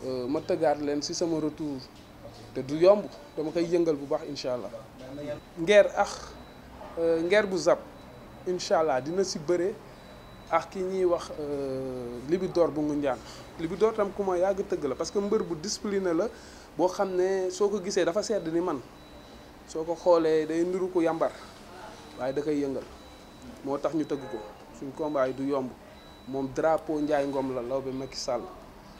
Euh, ma tëggaat leen si sama retour te du yomb dama koy yëngal bu baax incha allah. ngeer ax euh, ngeer bu zap incha allah dina si bëre ax ki ñuy wax euh, libidoor bu Ngoundiane libidoor tam ku ma yàgg tëgg la parce que mbër bu discipliné la boo xam ne soo ko gisee dafa sedd ni man soo ko xoolee day niru ko yàmbar waaye da koy yëngal moo tax ñu tëgg ko suñ combat yi du yomb moom drapeau Ndiaye Ngom la Lawbe Macky Sall.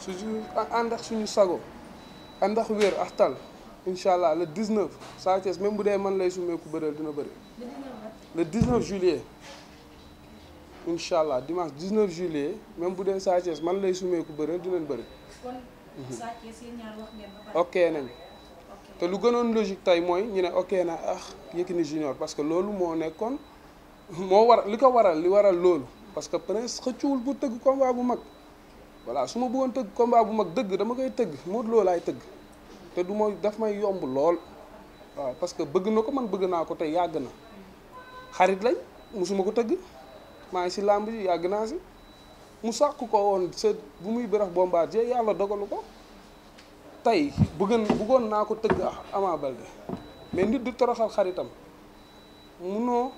suñu ànd ak suñu sago ànd ak wér ak le 19 Sa Thiès même bu dee man lay sumeeku bëreel dina bëri le 19 juillet inshallah dimanche 19 juillet même bu dee Sa Thiès man lay sumeeku bëreel dinañ bëri mhm. ok nañ te lu gënoon logique tey mooy ñu ne ok na ah Yékini Junior parce que loolu moo nekkoon moo war li ko waral li waral loolu parce que Prince xëccuwul pour tëgg combat bu mag voilà su ma bëggoon tëgg combat bu mag dëgg dama koy tëgg Modou Lo laay tëgg te du ma daf may yomb lool waaw parce que bëgg na ko man bëgg naa ko tey yàgg na xarit lañ musuma ko tëgg maa ngi si làmb yàgg naa si mu sàkk ko woon sa bu muy bërax Bombardier yàlla dogalu ko tey bëggoon bëggoon naa ko tëgg Ama Baldé mais nit du toroxal xaritam munoo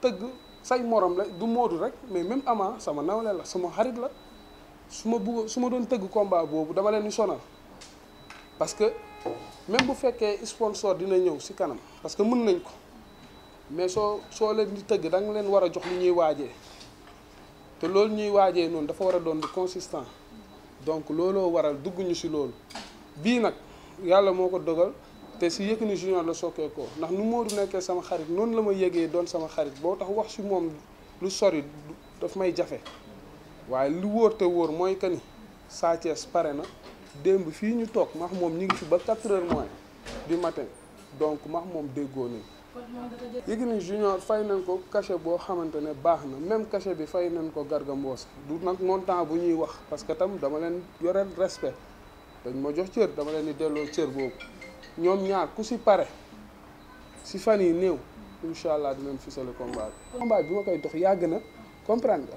tëgg say morom la du Modou rek mais même Ama sama nawle la sama xarit la su ma bëgg su ma doon tëgg combat boobu dama leen di sonal parce que même bu fekkee sponsor dina ñëw si kanam parce que mën nañ ko mais soo soo leen di tëgg da nga leen war a jox lu ñuy waajee te loolu ñuy waajee noonu dafa war a doon du consistant donc looloo waral dugg ñu si loolu bii nag yàlla moo ko dogal te si Yékini Junior la sokkee ko ndax nu Modou nekkee sama xarit noonu la ma yéegee doon sama xarit boo tax wax si moom lu sori daf may jafe waaye lu wóor te wóor mooy que ni Sa Thiès pare na démb fii ñu toog max mom ñu ngi fi ba 4 h moins du matin donc max mom déggoo nañ Yékini Junior fay nañ ko cachet bo xamante baxna même cachet bi fay nañ ko Garga Mbossé du nak montant bu ñuy wax parce que tam dama len yoreel respect dañ ma jox cër dama leen di delloo cër boobu ñoom ñaar ku ci paré si fani yi inshallah incha allah dinañ combat bi combat bi ma koy dox yag na comprendre nga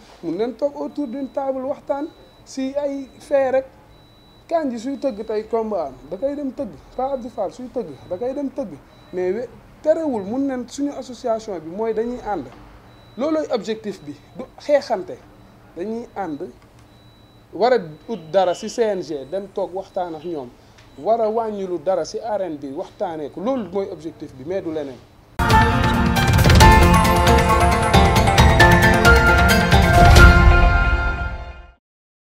mun nañ toog autour d'une table waxtaan si ay fee rek Kandji suy tëgg tey combat am da koy dem tëgg Pa Abdou Fall suy tëgg da dem tëgg mais terewul mun nañ suñu association bi mooy dañuy ànd loolooy objectif bi du xeexante dañuy ànd war a ut dara si CNG dem toog waxtaan ak ñoom war a wàññilu dara si arène bi waxtaanee ko loolu mooy objectif bi mais du leneen.